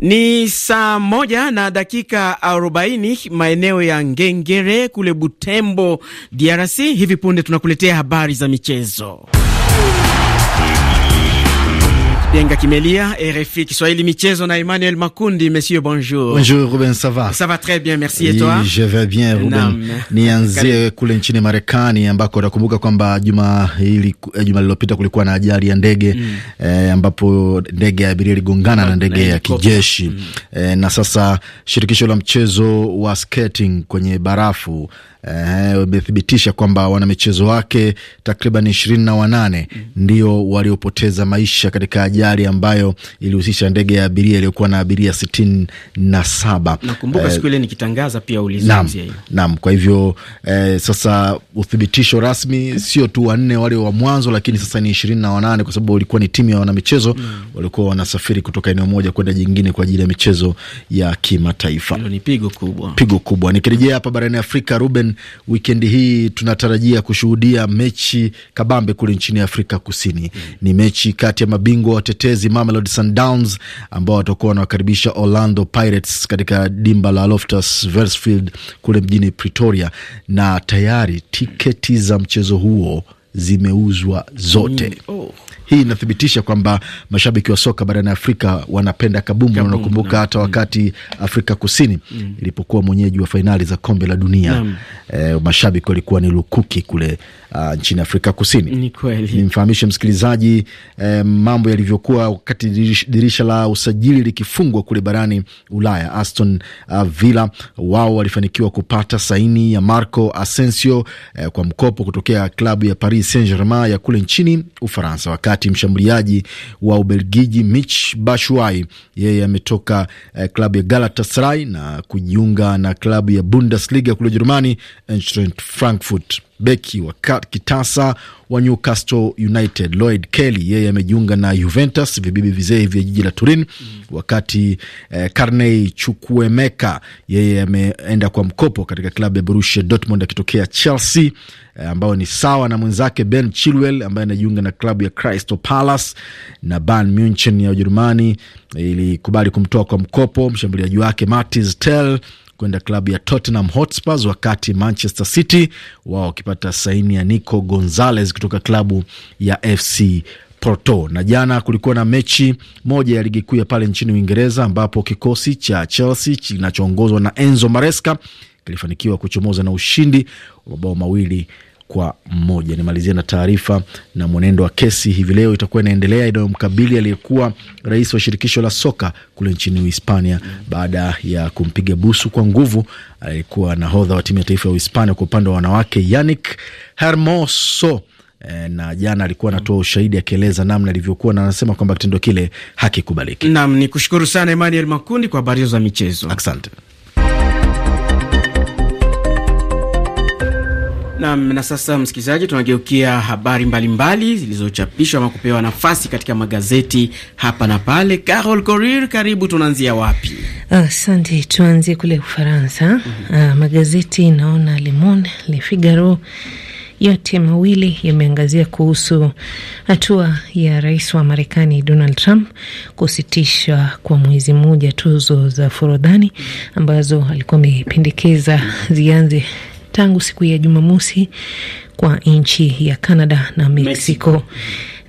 Ni saa moja na dakika arobaini maeneo ya Ngengere kule Butembo, DRC. Hivi punde tunakuletea habari za michezo. Denga Kimelia, RFI Kiswahili Michezo na Emmanuel Makundi. Monsieur, bonjour. Bonjour Ruben, ça va? Ça va très bien, merci. Et toi? Je vais bien Ruben. Nianzie kule nchini Marekani ambako utakumbuka kwamba juma hili eh, juma lililopita kulikuwa na ajali ya ndege mm. eh, ambapo ndege ya abiria iligongana na ndege ya kijeshi mm. eh, na sasa shirikisho la mchezo wa skating kwenye barafu wamethibitisha kwamba wanamichezo wake takriban ishirini na wanane ndio waliopoteza maisha katika ajali ambayo ilihusisha ndege ya abiria iliyokuwa na abiria sitini na saba. Nakumbuka eh, siku ile nikitangaza pia ulizungumzia hiyo. Naam, kwa hivyo eh, sasa uthibitisho rasmi sio tu wanne wale wa mwanzo, lakini sasa ni ishirini na wanane kwa sababu ulikuwa ni timu ya wanamichezo mm, walikuwa wanasafiri kutoka eneo moja kwenda jingine kwa ajili ya michezo ya kimataifa. Hilo ni pigo kubwa, pigo kubwa. Nikirejea hapa barani Afrika, Ruben Wikendi hii tunatarajia kushuhudia mechi kabambe kule nchini Afrika Kusini. Mm. Ni mechi kati ya mabingwa watetezi Mamelodi Sundowns ambao watakuwa wanawakaribisha Orlando Pirates katika dimba la Loftus Versfield kule mjini Pretoria, na tayari tiketi za mchezo huo zimeuzwa zote. Mm. Oh. Hii inathibitisha kwamba mashabiki wa soka barani Afrika wanapenda kabumbu, kabumbu. Wanakumbuka hata mm. wakati Afrika Kusini mm. ilipokuwa mwenyeji wa fainali za kombe la dunia eh, mashabiki walikuwa ni lukuki kule uh, nchini Afrika Kusini. Nimfahamishe msikilizaji eh, mambo yalivyokuwa wakati dirisha la usajili likifungwa kule barani Ulaya. Aston uh, Villa wao walifanikiwa kupata saini ya Marco Asensio eh, kwa mkopo kutokea klabu ya Paris Paris Saint Germain ya kule nchini Ufaransa, wakati mshambuliaji wa Ubelgiji Mich Bashuai yeye ametoka eh, klabu ya Galatasaray na kujiunga na klabu ya Bundesliga kule Ujerumani, Eintracht Frankfurt beki wa kitasa wa Newcastle United Lloyd Kelly, yeye amejiunga na Juventus, vibibi vizee vya jiji la Turin. Mm. Wakati eh, Karney Chukwuemeka yeye ameenda kwa mkopo katika klabu ya Borussia Dortmund akitokea Chelsea eh, ni sawa na mwenzake Ben Chilwell ambaye anajiunga na klabu ya Crystal Palace, na Bayern Munchen ya Ujerumani ilikubali kumtoa kwa mkopo mshambuliaji wake Mathys Tel kwenda klabu ya Tottenham Hotspurs, wakati Manchester City wao wakipata saini ya Nico Gonzalez kutoka klabu ya FC Porto. Na jana kulikuwa na mechi moja ya ligi kuu ya pale nchini Uingereza ambapo kikosi cha Chelsea kinachoongozwa na Enzo Maresca kilifanikiwa kuchomoza na ushindi wa mabao mawili kwa mmoja. Nimalizia na taarifa na mwenendo wa kesi hivi leo itakuwa inaendelea inayomkabili aliyekuwa rais wa shirikisho la soka kule nchini Uhispania baada ya kumpiga busu kwa nguvu aliyekuwa nahodha wa timu ya taifa ya Uhispania kwa upande wa wanawake Yannick Hermoso e, na jana alikuwa anatoa ushahidi akieleza namna ilivyokuwa na anasema kwamba kitendo kile hakikubaliki. Nam ni kushukuru sana Emmanuel Makundi kwa habari hizo za michezo, asante. Nam, na sasa msikilizaji, tunageukia habari mbalimbali zilizochapishwa ama kupewa nafasi katika magazeti hapa na pale. Carol Corir, karibu, tunaanzia wapi? Asante uh, tuanzie kule Ufaransa. mm -hmm. uh, magazeti naona Le Monde, Le Figaro yote mawili yameangazia kuhusu hatua ya rais wa Marekani Donald Trump kusitisha kwa mwezi mmoja tuzo za Forodhani ambazo alikuwa amependekeza zianze tangu siku ya Jumamosi kwa nchi ya Canada na Mexico,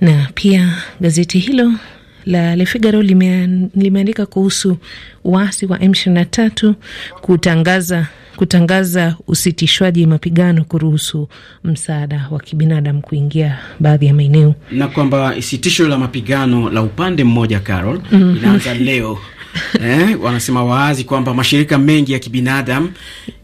Na pia gazeti hilo la Le Figaro limeandika kuhusu waasi wa M23 kutangaza kutangaza usitishwaji mapigano kuruhusu msaada wa kibinadamu kuingia baadhi ya maeneo, na kwamba sitisho la mapigano la upande mmoja Carol, mm -hmm. inaanza leo eh, wanasema wazi kwamba mashirika mengi ya kibinadamu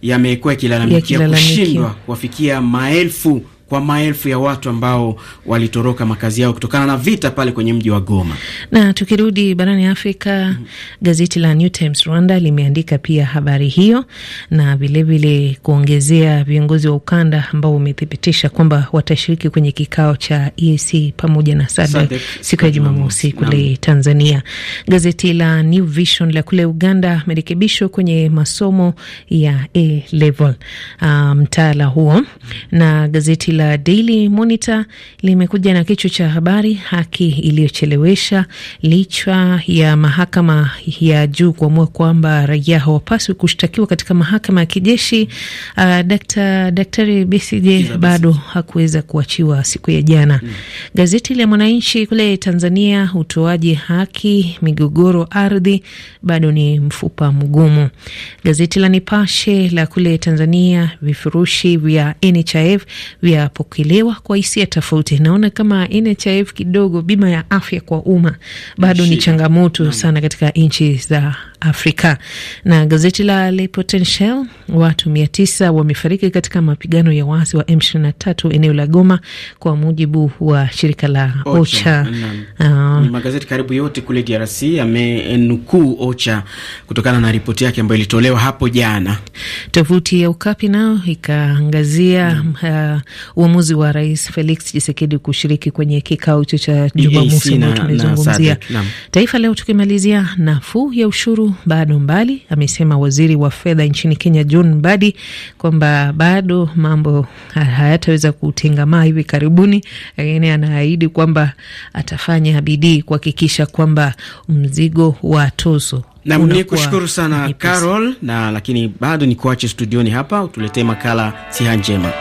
yamekuwa yakilalamikia kushindwa kuwafikia maelfu kwa maelfu ya watu ambao walitoroka makazi yao kutokana na vita pale kwenye mji wa Goma. Na tukirudi barani Afrika, mm. gazeti la New Times Rwanda limeandika pia habari hiyo na vilevile kuongezea viongozi wa ukanda ambao wamethibitisha kwamba watashiriki kwenye kikao cha EAC pamoja na SADC siku ya Jumamosi kule Tanzania. Gazeti la New Vision la kule Uganda, marekebisho kwenye masomo ya A level ah, mtaala um, huo na gazeti la Daily Monitor limekuja na kichwa cha habari haki iliyochelewesha, licha ya mahakama ya juu kuamua kwamba raia hawapaswi kushtakiwa katika mahakama ya kijeshi. Uh, Dr. Daktari Besigye bado hakuweza kuachiwa siku ya jana. Hmm. Gazeti la Mwananchi kule Tanzania, utoaji haki, migogoro ardhi, bado ni mfupa mgumu. Gazeti la Nipashe la kule Tanzania, vifurushi vya NHIF vya itapokelewa kwa hisia tofauti. Naona kama NHIF kidogo, bima ya afya kwa umma, bado ni changamoto sana katika nchi za Afrika. Na gazeti la Le Potentiel, watu mia tisa wamefariki katika mapigano ya waasi wa M23 eneo la Goma, kwa mujibu wa shirika la OCHA. Uh, magazeti karibu yote kule DRC yamenukuu OCHA kutokana na ripoti yake ambayo ilitolewa hapo jana. Tovuti ya Ukapi nao ikaangazia uh, uamuzi wa Rais Felix Tshisekedi kushiriki kwenye kikao hicho cha Jumamosi na tumezungumzia. Taifa Leo tukimalizia nafuu ya ushuru bado mbali, amesema waziri wa fedha nchini Kenya John Mbadi kwamba bado mambo hayataweza kutengamaa hivi karibuni, lakini anaahidi kwamba atafanya bidii kuhakikisha kwamba mzigo wa tozo Nam, ni kushukuru sana Carol na lakini bado ni kuache studioni hapa utuletee makala siha njema.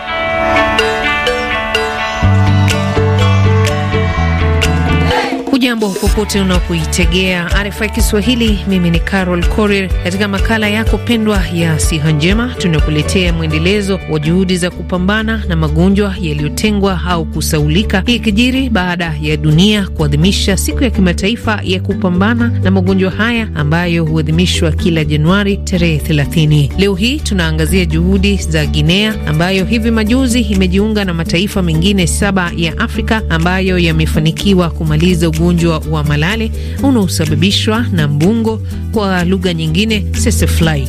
Hujambo popote unapoitegea RFI Kiswahili. Mimi ni Carol Korir. Katika makala yako pendwa ya siha njema, tunakuletea mwendelezo wa juhudi za kupambana na magonjwa yaliyotengwa au kusaulika. Hii ikijiri baada ya dunia kuadhimisha siku ya kimataifa ya kupambana na magonjwa haya ambayo huadhimishwa kila Januari tarehe 30. Leo hii tunaangazia juhudi za Guinea ambayo hivi majuzi imejiunga na mataifa mengine saba ya Afrika ambayo yamefanikiwa kumaliza ugonjwa ugonjwa wa malale unaosababishwa na mbungo, kwa lugha nyingine sesefly.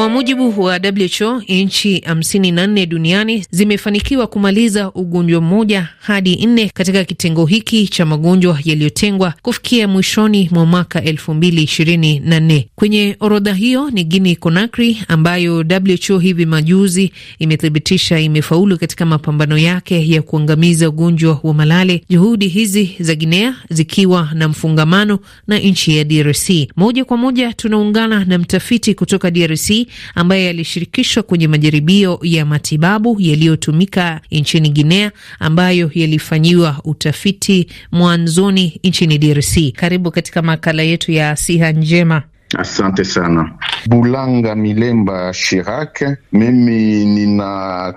Kwa mujibu wa WHO, nchi 54 duniani zimefanikiwa kumaliza ugonjwa mmoja hadi nne katika kitengo hiki cha magonjwa yaliyotengwa kufikia mwishoni mwa mwaka 2024. Kwenye orodha hiyo ni Guinea Conakry ambayo WHO hivi majuzi imethibitisha imefaulu katika mapambano yake ya kuangamiza ugonjwa wa malale, juhudi hizi za Guinea zikiwa na mfungamano na nchi ya DRC. Moja kwa moja tunaungana na mtafiti kutoka DRC ambaye yalishirikishwa kwenye majaribio ya matibabu yaliyotumika nchini Guinea ambayo yalifanyiwa utafiti mwanzoni nchini DRC. Karibu katika makala yetu ya siha njema. Asante sana Bulanga Milemba Shirak. Mimi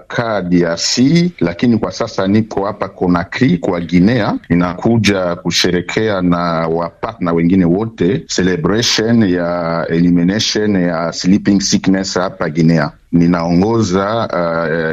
kaa DRC, lakini kwa sasa niko hapa Konakri kwa Guinea. Ninakuja kusherekea na wapatna wengine wote celebration ya elimination ya sleeping sickness hapa Guinea ninaongoza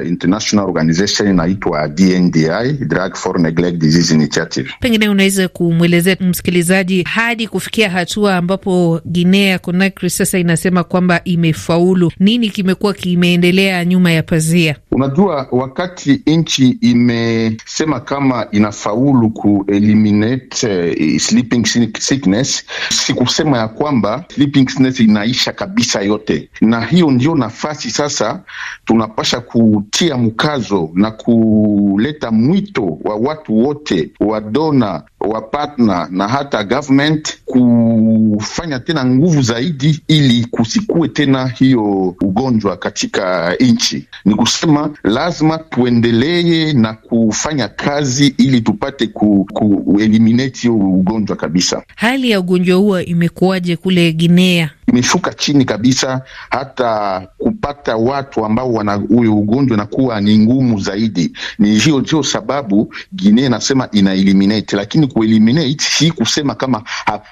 uh, international organization inaitwa DNDi, Drug for Neglect Disease Initiative. Pengine unaweza kumwelezea msikilizaji hadi kufikia hatua ambapo Guinea Conakry sasa inasema kwamba imefaulu, nini kimekuwa kimeendelea nyuma ya pazia? Unajua, wakati nchi imesema kama inafaulu kueliminate uh, eh, sleeping sickness, si kusema ya kwamba sleeping sickness inaisha kabisa yote, na hiyo ndio nafasi sasa sasa tunapasha kutia mkazo na kuleta mwito wa watu wote wa dona wa partner na hata government kufanya tena nguvu zaidi, ili kusikue tena hiyo ugonjwa katika nchi. Ni kusema lazima tuendelee na kufanya kazi ili tupate ku, ku eliminate hiyo ugonjwa kabisa. Hali ya ugonjwa huo imekuwaje kule Guinea? imeshuka chini kabisa, hata kupata watu ambao wana huyo ugonjwa inakuwa ni ngumu zaidi. Ni hiyo ndio sababu Guinea inasema ina eliminate, lakini ku eliminate si kusema kama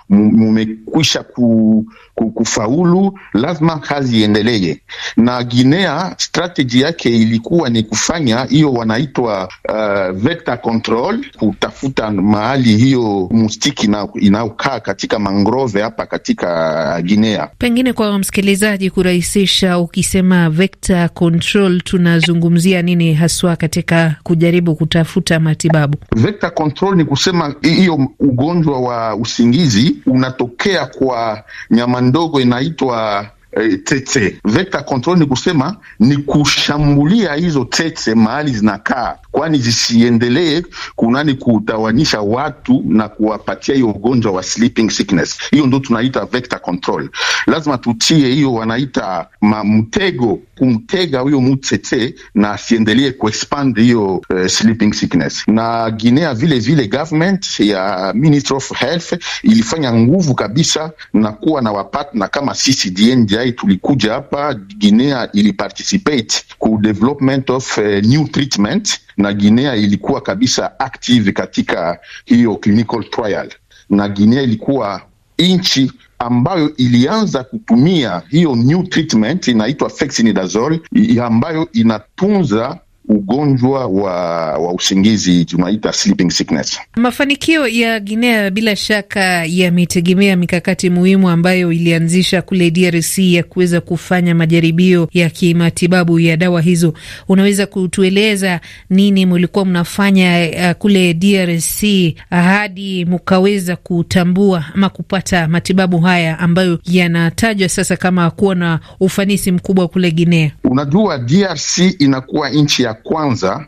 mumekwisha ku, ku, kufaulu, lazima kazi iendelee. Na Guinea strategy yake ilikuwa ni kufanya hiyo wanaitwa uh, vector control, kutafuta mahali hiyo mustiki inaokaa katika mangrove hapa katika Guinea Pengine kwa msikilizaji kurahisisha, ukisema vector control tunazungumzia nini haswa katika kujaribu kutafuta matibabu? Vector control ni kusema hiyo ugonjwa wa usingizi unatokea kwa nyama ndogo inaitwa eh, tete. Vector control ni kusema ni kushambulia hizo tete mahali zinakaa kwani zisiendelee kunani kutawanyisha watu na kuwapatia hiyo ugonjwa wa sleeping sickness. Hiyo ndo tunaita vector control. Lazima tutie hiyo wanaita mtego, kumtega huyo mutete na asiendelee kuexpand hiyo uh, sleeping sickness. Na Guinea vile vile government ya of Health ilifanya nguvu kabisa na kuwa na wapatna kama sisi DNDi tulikuja hapa Guinea iliparticipate ku development of uh, new treatment na Guinea ilikuwa kabisa active katika hiyo clinical trial, na Guinea ilikuwa nchi ambayo ilianza kutumia hiyo new treatment inaitwa fexinidazole ambayo inatunza ugonjwa wa, wa usingizi tunaita sleeping sickness. Mafanikio ya Guinea bila shaka yametegemea mikakati muhimu ambayo ilianzisha kule DRC ya kuweza kufanya majaribio ya kimatibabu ya dawa hizo. Unaweza kutueleza nini mlikuwa mnafanya uh, kule DRC hadi mkaweza kutambua ama kupata matibabu haya ambayo yanatajwa sasa kama kuwa na ufanisi mkubwa kule Guinea? Unajua DRC inakuwa nchi ya kwanza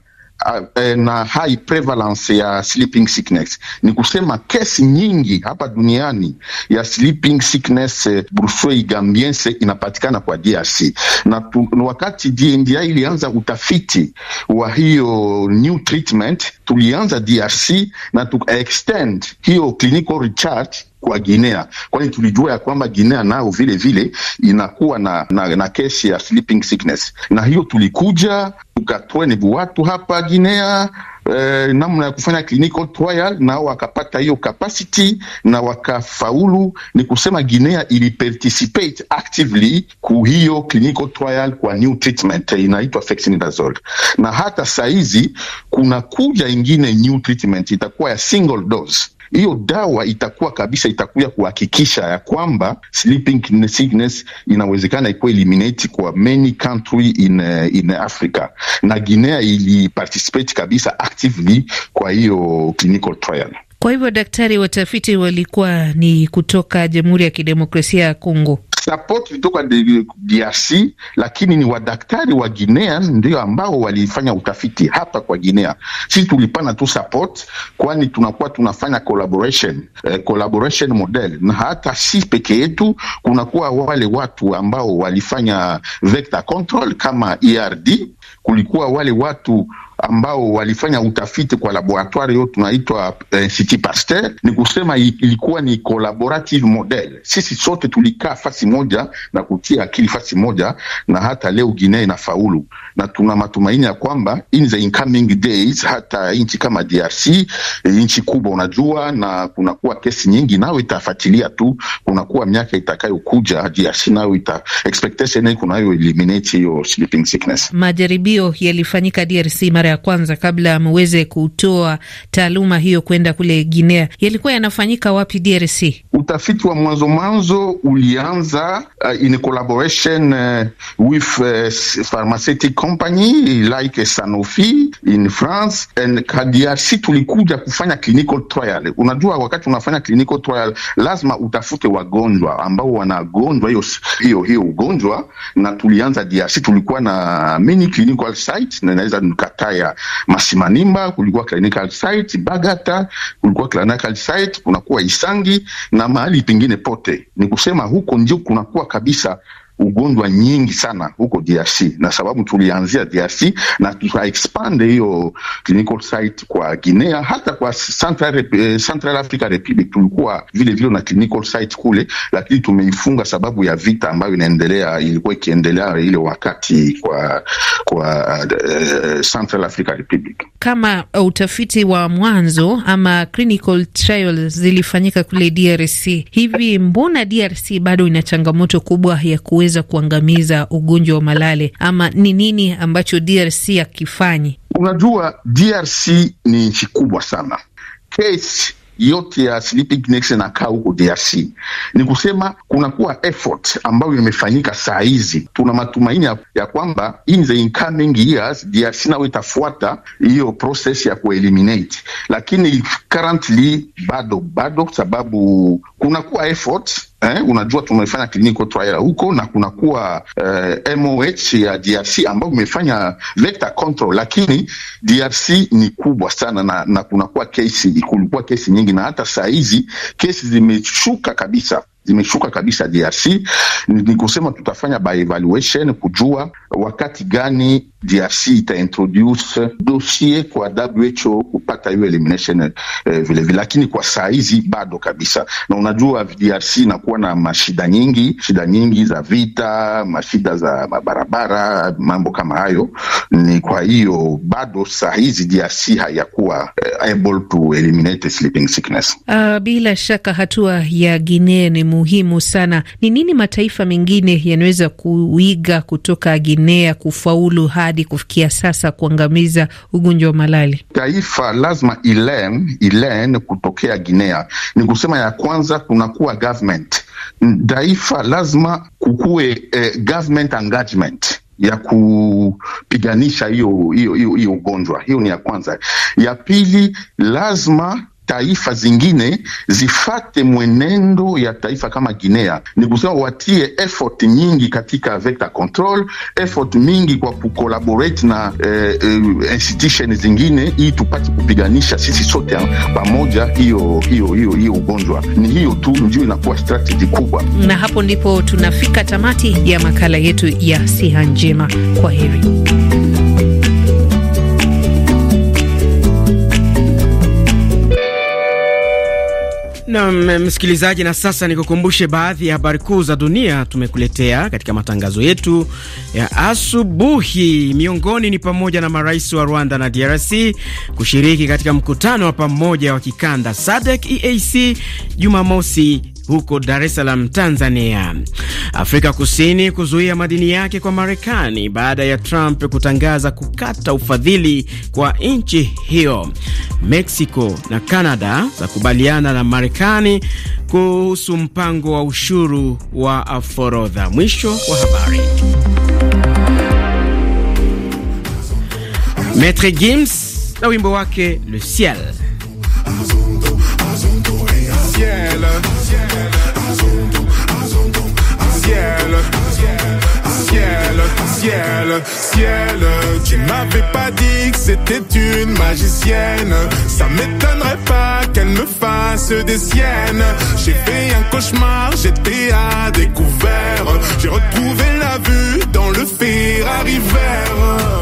e, na high prevalence ya sleeping sickness. Ni kusema kesi nyingi hapa duniani ya sleeping sickness eh, brucei gambiense inapatikana kwa DRC na tu, wakati DNDi ilianza utafiti wa hiyo new treatment tulianza DRC na tukaextend hiyo clinical research kwa Guinea, kwani tulijua ya kwamba Guinea nao vile vile inakuwa na, na, na kesi ya sleeping sickness, na hiyo tulikuja tukatwene watu hapa Guinea eh, namna ya kufanya clinical trial na wakapata hiyo capacity na wakafaulu. Ni kusema Guinea ili participate actively ku hiyo clinical trial kwa new treatment eh, inaitwa fexinidazole, na hata saizi kuna kuja ingine new treatment itakuwa ya single dose hiyo dawa itakuwa kabisa, itakuya kuhakikisha ya kwamba sleeping sickness inawezekana ikuwa eliminate kwa many country in, eh, in Africa na Guinea ili kabisa actively kwa hiyo clinical trial. Kwa hivyo daktari, watafiti walikuwa ni kutoka Jamhuri ya Kidemokrasia ya Kongo sapoti kutoka DRC, lakini ni wadaktari wa Guinea ndio ambao walifanya utafiti hapa kwa Guinea. Sisi tulipana tu support, kwani tunakuwa tunafanya collaboration, eh, collaboration model, na hata si peke yetu, kunakuwa wale watu ambao walifanya vector control kama ERD, kulikuwa wale watu ambao walifanya utafiti kwa laboratoire hiyo tunaitwa Institut eh, Pasteur. Ni kusema ilikuwa ni collaborative model, sisi sote tulikaa fasi moja na kutia akili fasi moja, na hata leo Guinea inafaulu, na tuna matumaini ya kwamba in the incoming days hata nchi kama DRC, eh, nchi kubwa unajua, na kunakuwa kesi nyingi, nayo itafuatilia tu, kunakuwa miaka itakayokuja DRC nayo ita expectation kunayo eliminate hiyo sleeping sickness. Majaribio yalifanyika DRC mara ya kwanza kabla muweze kutoa taaluma hiyo kwenda kule Guinea, yalikuwa yanafanyika wapi DRC? Utafiti wa mwanzo mwanzo ulianza uh, in collaboration uh, with uh, pharmaceutical company like Sanofi in France and DRC. Tulikuja kufanya clinical trial. Unajua, wakati unafanya clinical trial lazima utafute wagonjwa ambao wanagonjwa hiyo hiyo hiyo ugonjwa, na tulianza DRC, tulikuwa na many clinical sites na naweza nikataa ya Masimanimba, kulikuwa clinical site Bagata, kulikuwa clinical site kunakuwa Isangi na mahali pengine pote. Ni kusema huko ndio kunakuwa kabisa ugonjwa nyingi sana huko DRC, na sababu tulianzia DRC na tukaexpande hiyo clinical site kwa Guinea, hata kwa Central, eh, Central Africa Republic tulikuwa vile vile na clinical site kule, lakini tumeifunga sababu ya vita ambayo inaendelea, ilikuwa ikiendelea ile wakati kwa kwa uh, Central Africa Republic. Kama eh, utafiti wa mwanzo ama clinical trials zilifanyika kule DRC, hivi mbona DRC bado ina changamoto kubwa ya kuweza kuweza kuangamiza ugonjwa wa malale, ama ni nini ambacho DRC akifanyi? Unajua, DRC ni nchi kubwa sana, Case yote ya Sleeping Next inakaa huko DRC. Ni kusema kunakuwa effort ambayo imefanyika saa hizi. Tuna matumaini ya, kwamba in the incoming years DRC nayo itafuata hiyo process ya kueliminate, lakini currently bado bado, sababu kunakuwa eh, unajua tumefanya clinical trial huko na kunakuwa eh, MOH ya DRC ambayo umefanya vector control, lakini DRC ni kubwa sana na, na kunakuwa kesi, kulikuwa kesi nyingi na hata saa hizi kesi zimeshuka kabisa zimeshuka kabisa DRC. Ni kusema tutafanya by evaluation kujua wakati gani DRC itaintroduce dosie kwa WHO kupata hiyo elimination eh, vilevile, lakini kwa saa hizi bado kabisa. Na unajua DRC inakuwa na mashida nyingi, shida nyingi za vita, mashida za mabarabara, mambo kama hayo. Ni kwa hiyo bado saa hizi DRC hayakuwa eh, able to eliminate sleeping sickness. Uh, bila shaka hatua ya Guinea ni muhimu sana. Ni nini mataifa mengine yanaweza kuiga kutoka Guinea kufaulu haya hadi kufikia sasa kuangamiza ugonjwa wa malali Taifa lazima ilen ilen kutokea Guinea, ni kusema ya kwanza kunakuwa government taifa lazima kukuwe eh, government engagement ya kupiganisha hiyo hiyo hiyo ugonjwa. Hiyo ni ya kwanza. Ya pili lazima taifa zingine zifate mwenendo ya taifa kama Guinea. Ni kusema watie effort nyingi katika vector control, effort mingi kwa kucollaborate na eh, eh, institution zingine ili tupate kupiganisha sisi sote pamoja hiyo hiyo hiyo hiyo ugonjwa. Ni hiyo tu ndio inakuwa strategy kubwa, na hapo ndipo tunafika tamati ya makala yetu ya siha njema. Kwa heri. Nam mm, msikilizaji, na sasa nikukumbushe baadhi ya habari kuu za dunia tumekuletea katika matangazo yetu ya asubuhi. Miongoni ni pamoja na marais wa Rwanda na DRC kushiriki katika mkutano wa pamoja wa kikanda SADC EAC Jumamosi huko Dar es Salaam, Tanzania. Afrika Kusini kuzuia madini yake kwa Marekani baada ya Trump kutangaza kukata ufadhili kwa nchi hiyo. Mexico na Canada zakubaliana na Marekani kuhusu mpango wa ushuru wa forodha. Mwisho wa habari. Maitre Gims na wimbo wake Le Ciel. Ciel. ciel, ciel, ciel, ciel. Tu m'avais pas dit que c'était une magicienne. Ça m'étonnerait pas qu'elle me fasse des siennes. J'ai fait un cauchemar, j'étais à découvert. J'ai retrouvé la vue dans le Ferrari vert.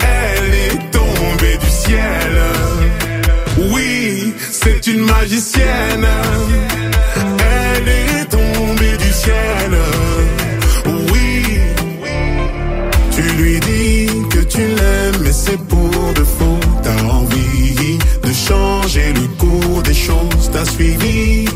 Elle est tombée du ciel. Oui, c'est une magicienne. Elle est tombée du ciel. Oui, tu lui dis que tu l'aimes, mais c'est pour de faux. T'as envie de changer le cours des choses, t'as suivi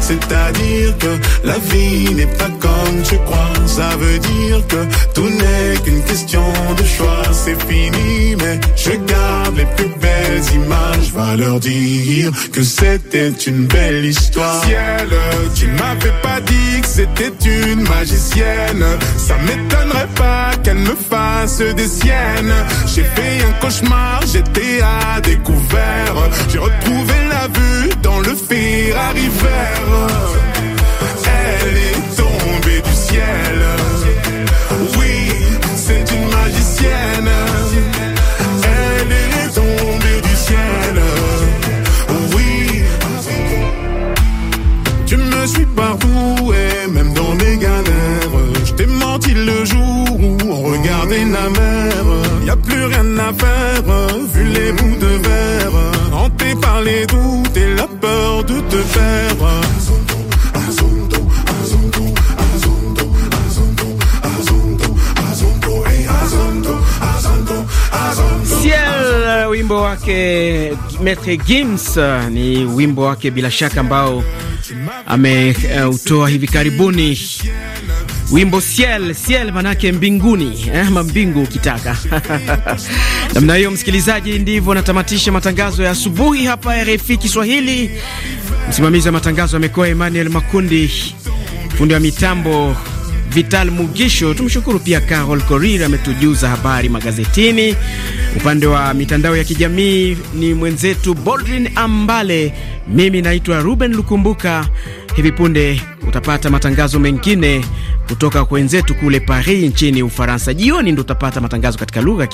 C'est-à-dire que la vie n'est pas comme tu crois. Ça veut dire que tout n'est qu'une question de choix. C'est fini, mais je garde les plus belles images. Va leur dire que c'était une belle histoire. Ciel, tu m'avais pas dit que c'était une magicienne. Ça m'étonnerait pas qu'elle me fasse des siennes. J'ai fait un cauchemar, j'étais à découvert. J'ai retrouvé vu dans le Ferrari arriver Elle est tombée du ciel. Oui, c'est une magicienne. Elle est tombée du ciel. Oui, Tu me suis partout et même dans mes galères. Je t'ai menti le jour où on regardait la mer. Y a plus rien à faire, vu les bouts de verre, hanté par les le faire. Uh, wimbo wake Metre Gims uh, ni wimbo wake bila shaka ambao ameutoa uh, hivi karibuni wimbo Ciel. Ciel manake mbinguni, eh, mambingu ukitaka namna hiyo. Msikilizaji, ndivyo natamatisha matangazo ya asubuhi hapa RFI Kiswahili. Msimamizi wa matangazo amekuwa Emmanuel Makundi, fundi wa mitambo Vital Mugisho. Tumshukuru pia Carol Korir ametujuza habari magazetini. Upande wa mitandao ya kijamii ni mwenzetu Boldrin Ambale. Mimi naitwa Ruben Lukumbuka. Hivi punde utapata matangazo mengine kutoka kwa wenzetu kule Paris nchini Ufaransa. Jioni ndo utapata matangazo katika lugha ya